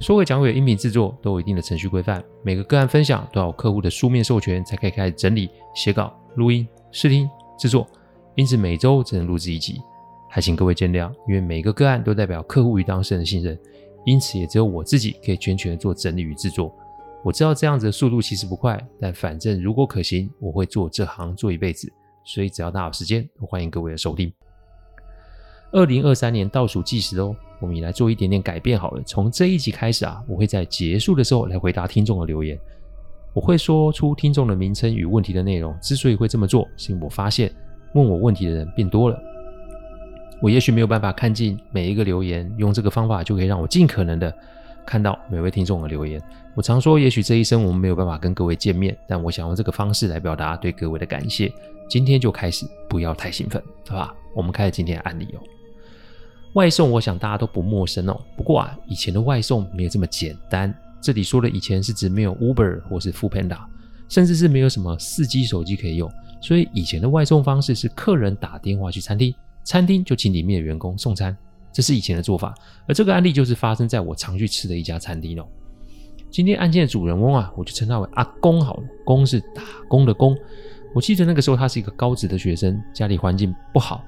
所有講鬼音頻制作都有一定的程序規範，每個個案分享都要有客戶的書面授權，才可以開始整理、寫稿、錄音、試聽、制作。因此每周只能錄制一集，還請各位見諒。因為每個個案都代表客戶與當事人的信任，因此也只有我自己可以全權做整理與制作。我知道這樣子的速度其實不快，但反正如果可行，我會做這行做一輩子。所以只要大家有時間，都歡迎各位的收聽。二零二三年倒數計時哦！我們也來做一點點改變好了。從這一集開始啊，我會在結束的時候來回答聽眾的留言。我會說出聽眾的名稱與問題的內容。之所以會這麼做，是因為我發現問我問題的人變多了。我也許沒有辦法看盡每一個留言，用這個方法就可以讓我盡可能的看到每位聽眾的留言。我常說，也許這一生我們沒有辦法跟各位見面，但我想用這個方式來表達對各位的感謝。今天就開始，不要太興奮，好吧？我們開始今天的案例哦。外送，我想大家都不陌生哦。不過啊，以前的外送沒有這麼簡單。這裡說的以前是指沒有 Uber 或是 Foodpanda 甚至是沒有什麼四 G 手機可以用。所以以前的外送方式是客人打電話去餐廳，餐廳就請裡面的員工送餐，這是以前的做法。而這個案例就是發生在我常去吃的一家餐廳哦。今天案件的主人翁啊，我就稱他為阿公好了。公是打工的工。我記得那個時候他是一個高職的學生，家裡環境不好。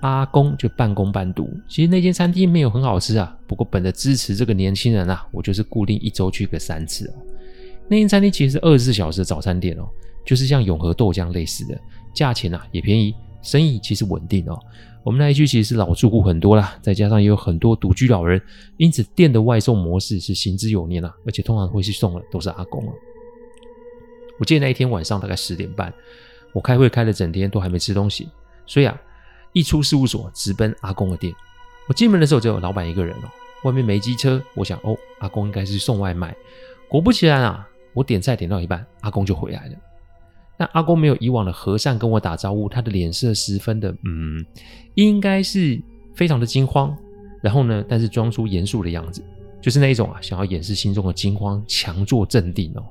阿公就半工半讀，其實那間餐廳沒有很好吃啊。不過本着支持這個年輕人啊，我就是固定一周去個三次哦、啊。那間餐廳其實是二十四小時的早餐店哦，就是像永和豆漿類似的，價錢啊也便宜，生意其實穩定哦。我們那一區其實是老住戶很多啦，再加上也有很多獨居老人，因此店的外送模式是行之有年啊，而且通常會去送的都是阿公哦、啊。我記得那一天晚上大概十點半，我開會開了整天，都還沒吃東西，所以啊。一出事務所，直奔阿公的店。我進門的時候，只有老闆一個人哦，外面沒機車。我想，哦，阿公應該是送外賣。果不其然啊，我點菜點到一半，阿公就回來了。那阿公沒有以往的和善跟我打招呼，他的臉色十分的，嗯，應該是非常的驚慌。然後呢，但是裝出嚴肅的樣子，就是那一種啊，想要掩飾心中的驚慌，強作鎮定哦。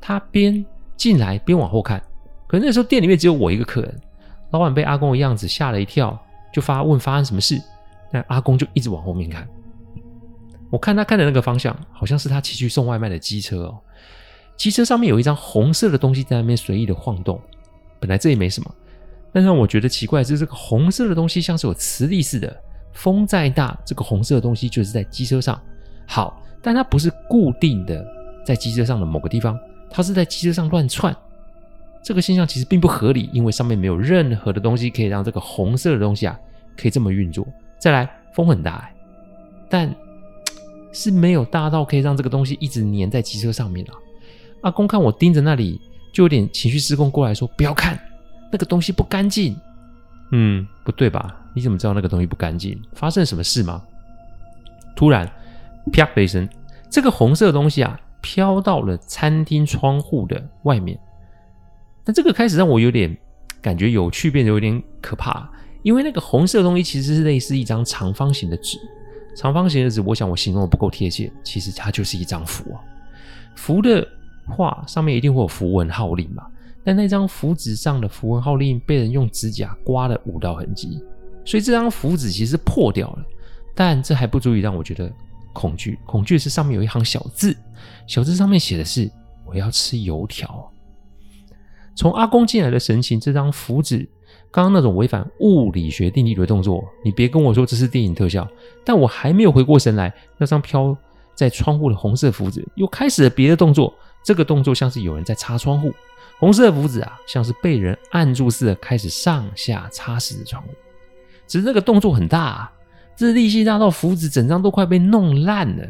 他邊進來邊往後看，可是那個時候店裡面只有我一個客人。老闆被阿公的樣子嚇了一跳，就發問發生什麼事。但阿公就一直往後面看。我看他看的那個方向，好像是他騎去送外賣的機車哦。機車上面有一張紅色的東西在那邊隨意的晃動。本來這也沒什麼，但讓我覺得奇怪就是這個紅色的東西像是有磁力似的。風再大，這個紅色的東西就是在機車上。好，但它不是固定的在機車上的某個地方，它是在機車上亂竄。這個現象其實並不合理，因為上面沒有任何的東西可以讓這個紅色的東西啊可以這麼運作。再來，風很大哎，但是沒有大到可以讓這個東西一直粘在機車上面啊。阿公看我盯着那裡，就有點情緒失控過來說：“不要看那個東西不乾淨。”嗯，不對吧？你怎麼知道那個東西不乾淨？發生什麼事嗎？突然，啪的一聲，這個紅色的東西啊飄到了餐廳窗戶的外面。但這個開始讓我有點感覺有趣，變得有點可怕，因為那個紅色的東西其實是類似一張長方形的紙，長方形的紙，我想我形容的不夠貼切，其實它就是一張符、哦、符的話，上面一定會有符文號令嘛。但那張符紙上的符文號令被人用指甲刮了五道痕迹，所以這張符紙其實是破掉了。但這還不足以讓我覺得恐懼，恐懼的是上面有一行小字，小字上面寫的是“我要吃油條”。從阿公進來的神情，這張符紙剛剛那種違反物理學定律的動作，你別跟我說這是電影特效。但我還沒有回過神來，那張飄在窗戶的紅色符紙又開始了別的動作。這個動作像是有人在擦窗戶，紅色符紙啊，像是被人按住似的，開始上下擦拭着窗戶。只是那個動作很大，啊，這力氣大到符紙整張都快被弄爛了。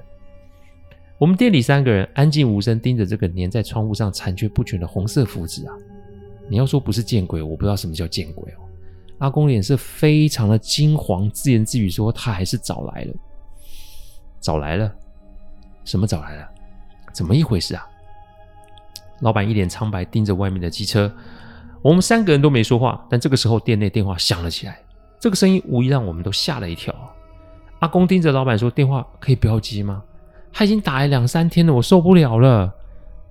我們店裡三個人安靜無聲，盯着這個粘在窗戶上殘缺不全的紅色符紙啊。你要說不是見鬼，我不知道什麼叫見鬼哦。阿公臉色非常的驚慌，自言自語說：“他還是找來了，找來了，什麼找來了？怎麼一回事啊？”老板一臉蒼白，盯着外面的機車。我們三個人都沒說話，但這個時候店內電話響了起來，這個聲音無疑讓我們都嚇了一跳。阿公盯着老板說：“電話可以不要接嗎？他已經打了兩三天了，我受不了了。”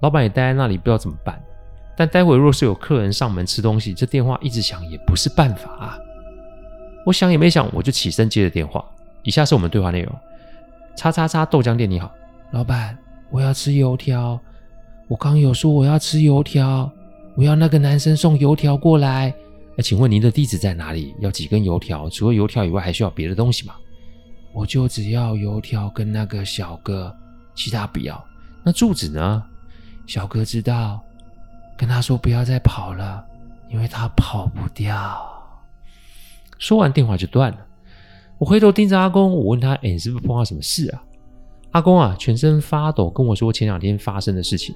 老板也待在那裡，不知道怎麼辦。但待會若是有客人上門吃東西，這電話一直響也不是辦法啊！我想也沒想，我就起身接了電話。以下是我們對話內容：“叉叉叉豆漿店，你好，老闆，我要吃油條。我剛有說我要吃油條，我要那個男生送油條過來。哎、啊，請問您的地址在哪裡？要幾根油條？除了油條以外，還需要別的東西嗎？我就只要油條跟那個小哥，其他不要。那住址呢？小哥知道。”跟他說不要再跑了，因為他跑不掉。說完電話就斷了。我回頭盯着阿公，我問他：“欸，你是不是碰到什麼事啊？”阿公啊，全身發抖，跟我說前兩天發生的事情。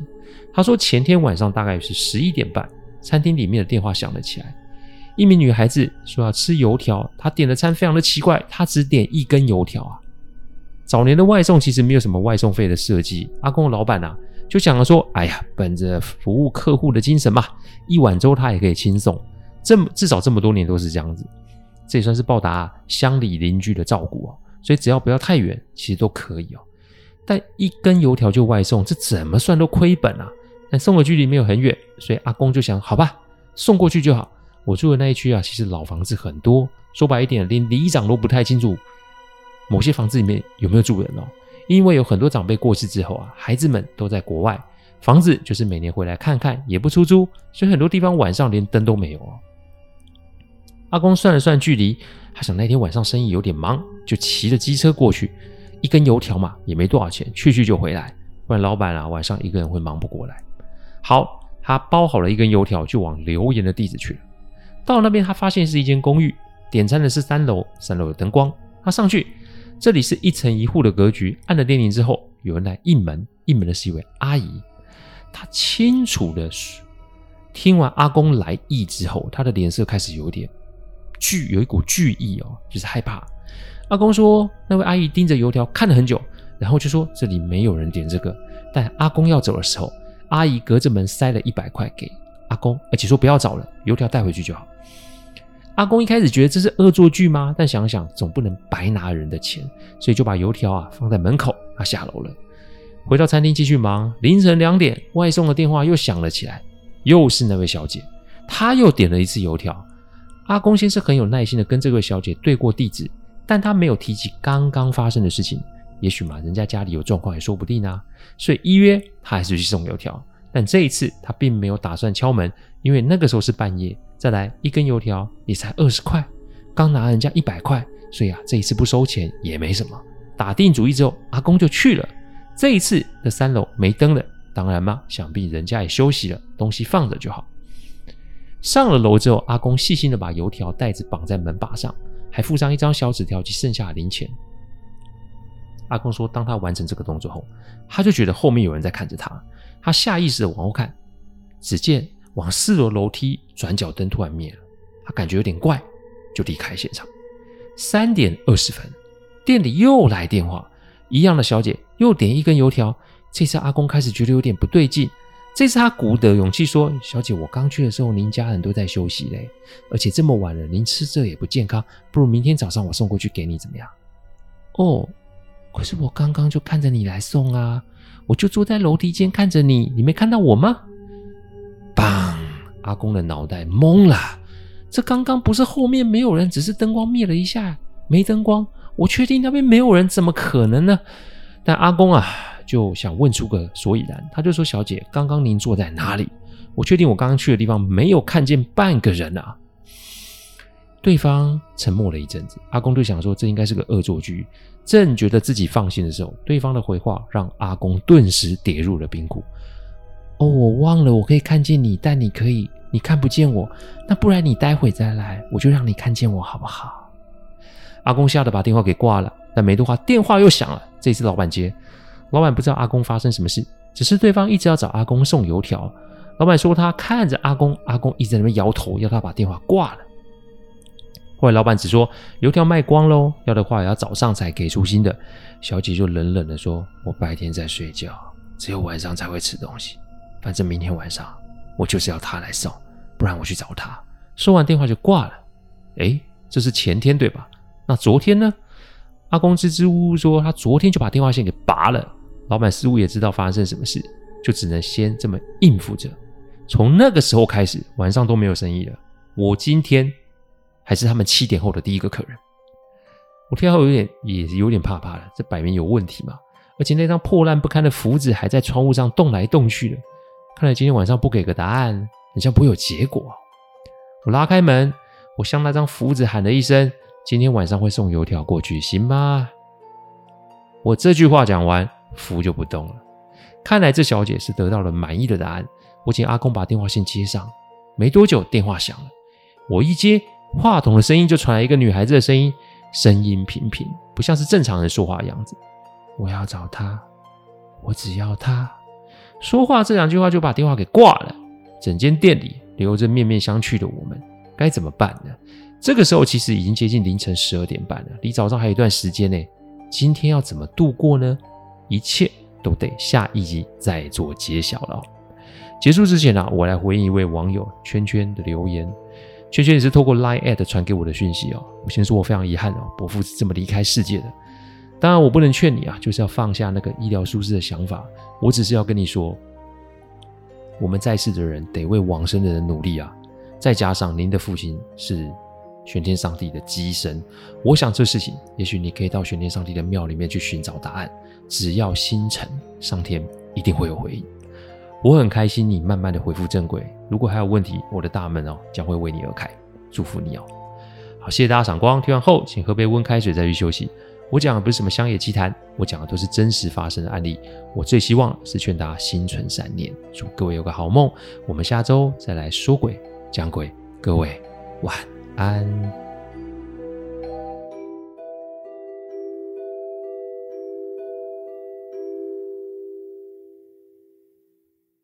他說前天晚上大概是十一點半，餐廳裡面的電話響了起來。一名女孩子說要吃油條，她點的餐非常的奇怪，她只點一根油條啊。早年的外送其實沒有什麼外送費的設計，阿公的老闆啊。就想了說，哎呀，本着服務客戶的精神嘛，一碗粥他也可以輕鬆，這麼至少這麼多年都是這樣子，這也算是報答鄉里鄰居的照顧哦。所以只要不要太遠，其實都可以哦。但一根油條就外送，這怎麼算都虧本啊。但送的距離沒有很遠，所以阿公就想，好吧，送過去就好。我住的那一區啊，其實老房子很多，說白一點，連里長都不太清楚某些房子裡面有沒有住人哦。因為有很多長輩過世之後啊，孩子們都在國外，房子就是每年回來看看，也不出租，所以很多地方晚上連燈都沒有啊。阿公算了算距離，他想那天晚上生意有點忙，就騎着機車過去，一根油條嘛，也沒多少錢，去去就回來，不然老闆啊，晚上一個人會忙不過來。好，他包好了一根油條，就往留言的地址去了。到那邊，他發現是一間公寓，點餐的是三樓，三樓有燈光，他上去。這裡是一層一戶的格局，按了電鈴之後，有人來應門。應門的是一位阿姨，她清楚的聽完阿公來意之後，她的臉色開始有點懼，有一股懼意哦，就是害怕。阿公說，那位阿姨盯着油條看了很久，然後就說這裡沒有人點這個。但阿公要走的時候，阿姨隔着門塞了一百塊給阿公，而且說不要找了，油條帶回去就好。阿公一開始覺得這是惡作劇嗎？但想想總不能白拿人的錢，所以就把油條啊放在門口，他、啊、下樓了，回到餐廳繼續忙。凌晨兩點，外送的電話又響了起來，又是那位小姐，她又點了一次油條。阿公先是很有耐心的跟這位小姐對過地址，但他沒有提起剛剛發生的事情，也許嘛，人家家裡有狀況也說不定啊，所以依約他還是去送油條。但這一次他並沒有打算敲門，因為那個時候是半夜。再來一根油條也才二十塊，剛拿人家一百塊，所以啊，這一次不收錢也沒什麼。打定主意之後，阿公就去了。這一次的三樓沒燈了，當然嘛，想必人家也休息了，東西放着就好。上了樓之後，阿公細心的把油條袋子綁在門把上，還附上一張小紙條及剩下的零錢。阿公說：“當他完成這個動作後，他就覺得後面有人在看着他。他下意識地往後看，只見往四樓樓梯轉角燈突然滅了。他感覺有點怪，就離開現場。三點二十分，店裡又來電話，一樣的小姐又點一根油條。這次阿公開始覺得有點不對勁。這次他鼓起勇氣說：‘小姐，我剛去的時候，您家人都在休息嘞，而且這麼晚了，您吃這也不健康。不如明天早上我送過去給你，怎麼樣？’哦。”可是我剛剛就看着你來送啊，我就坐在樓梯間看着你，你沒看到我嗎？嘣，阿公的腦袋懵了，這剛剛不是後面沒有人，只是燈光滅了一下，沒燈光，我確定那邊沒有人，怎麼可能呢？但阿公啊，就想問出個所以然，他就說：“小姐，剛剛您坐在哪裡？我確定我剛剛去的地方沒有看見半個人啊。”對方沉默了一陣子，阿公就想說這應該是個惡作劇。正覺得自己放心的時候，對方的回話讓阿公頓時跌入了冰窟。哦，我忘了，我可以看見你，但你可以，你看不見我。那不然你待會再來，我就讓你看見我，好不好？阿公嚇得把電話給掛了。但沒多話，電話又響了。這次老板接，老板不知道阿公發生什麼事，只是對方一直要找阿公送油條。老板說他看着阿公，阿公一直在那邊搖頭，要他把電話掛了。後來老闆只說油條賣光嘍，要的話也要早上才給出新的。小姐就冷冷的說：“我白天在睡覺，只有晚上才會吃東西。反正明天晚上我就是要他來送，不然我去找他。”說完電話就掛了。誒，這是前天對吧？那昨天呢？阿公支支吾吾說：“他昨天就把電話線給拔了。”老闆似乎也知道發生什麼事，就只能先這麼應付着。從那個時候開始，晚上都沒有生意了。我今天。還是他們七點後的第一個客人，我聽後有點，也有點怕怕了。這擺明有問題嘛！而且那張破爛不堪的符紙還在窗戶上動來動去的，看來今天晚上不給個答案，很像不會有結果。我拉開門，我向那張符紙喊了一聲：“今天晚上會送油條過去，行嗎？”我這句話講完，符就不動了。看來這小姐是得到了滿意的答案。我請阿公把電話線接上，沒多久電話響了，我一接。話筒的聲音就傳來一個女孩子的聲音，聲音平平，不像是正常人說話的樣子。我要找他，我只要他。說話這兩句話就把電話給掛了。整間店裡留着面面相覷的我們，該怎麼辦呢？這個時候其實已經接近凌晨十二點半了，離早上還有一段時間呢。今天要怎麼度過呢？一切都得下一集再做揭曉了。結束之前呢，啊，我來回應一位網友圈圈的留言。確切也是透過 Line at 傳給我的訊息哦。我先說我非常遺憾哦，伯父是這麼離開世界的。當然我不能勸你啊，就是要放下那個醫療疏失的想法。我只是要跟你說，我們在世的人得為往生的人努力啊。再加上您的父親是玄天上帝的乩身，我想這事情也許你可以到玄天上帝的廟裡面去尋找答案。只要心誠，上天一定會有回應。我很開心你慢慢的恢復正軌，如果還有問題，我的大門哦將會為你而開，祝福你哦。好，謝謝大家賞光。聽完後，請喝杯溫開水再去休息。我講的不是什麼鄉野奇談，我講的都是真實發生的案例。我最希望是勸大家心存善念，祝各位有個好夢。我們下週再來說詭講鬼，各位晚安。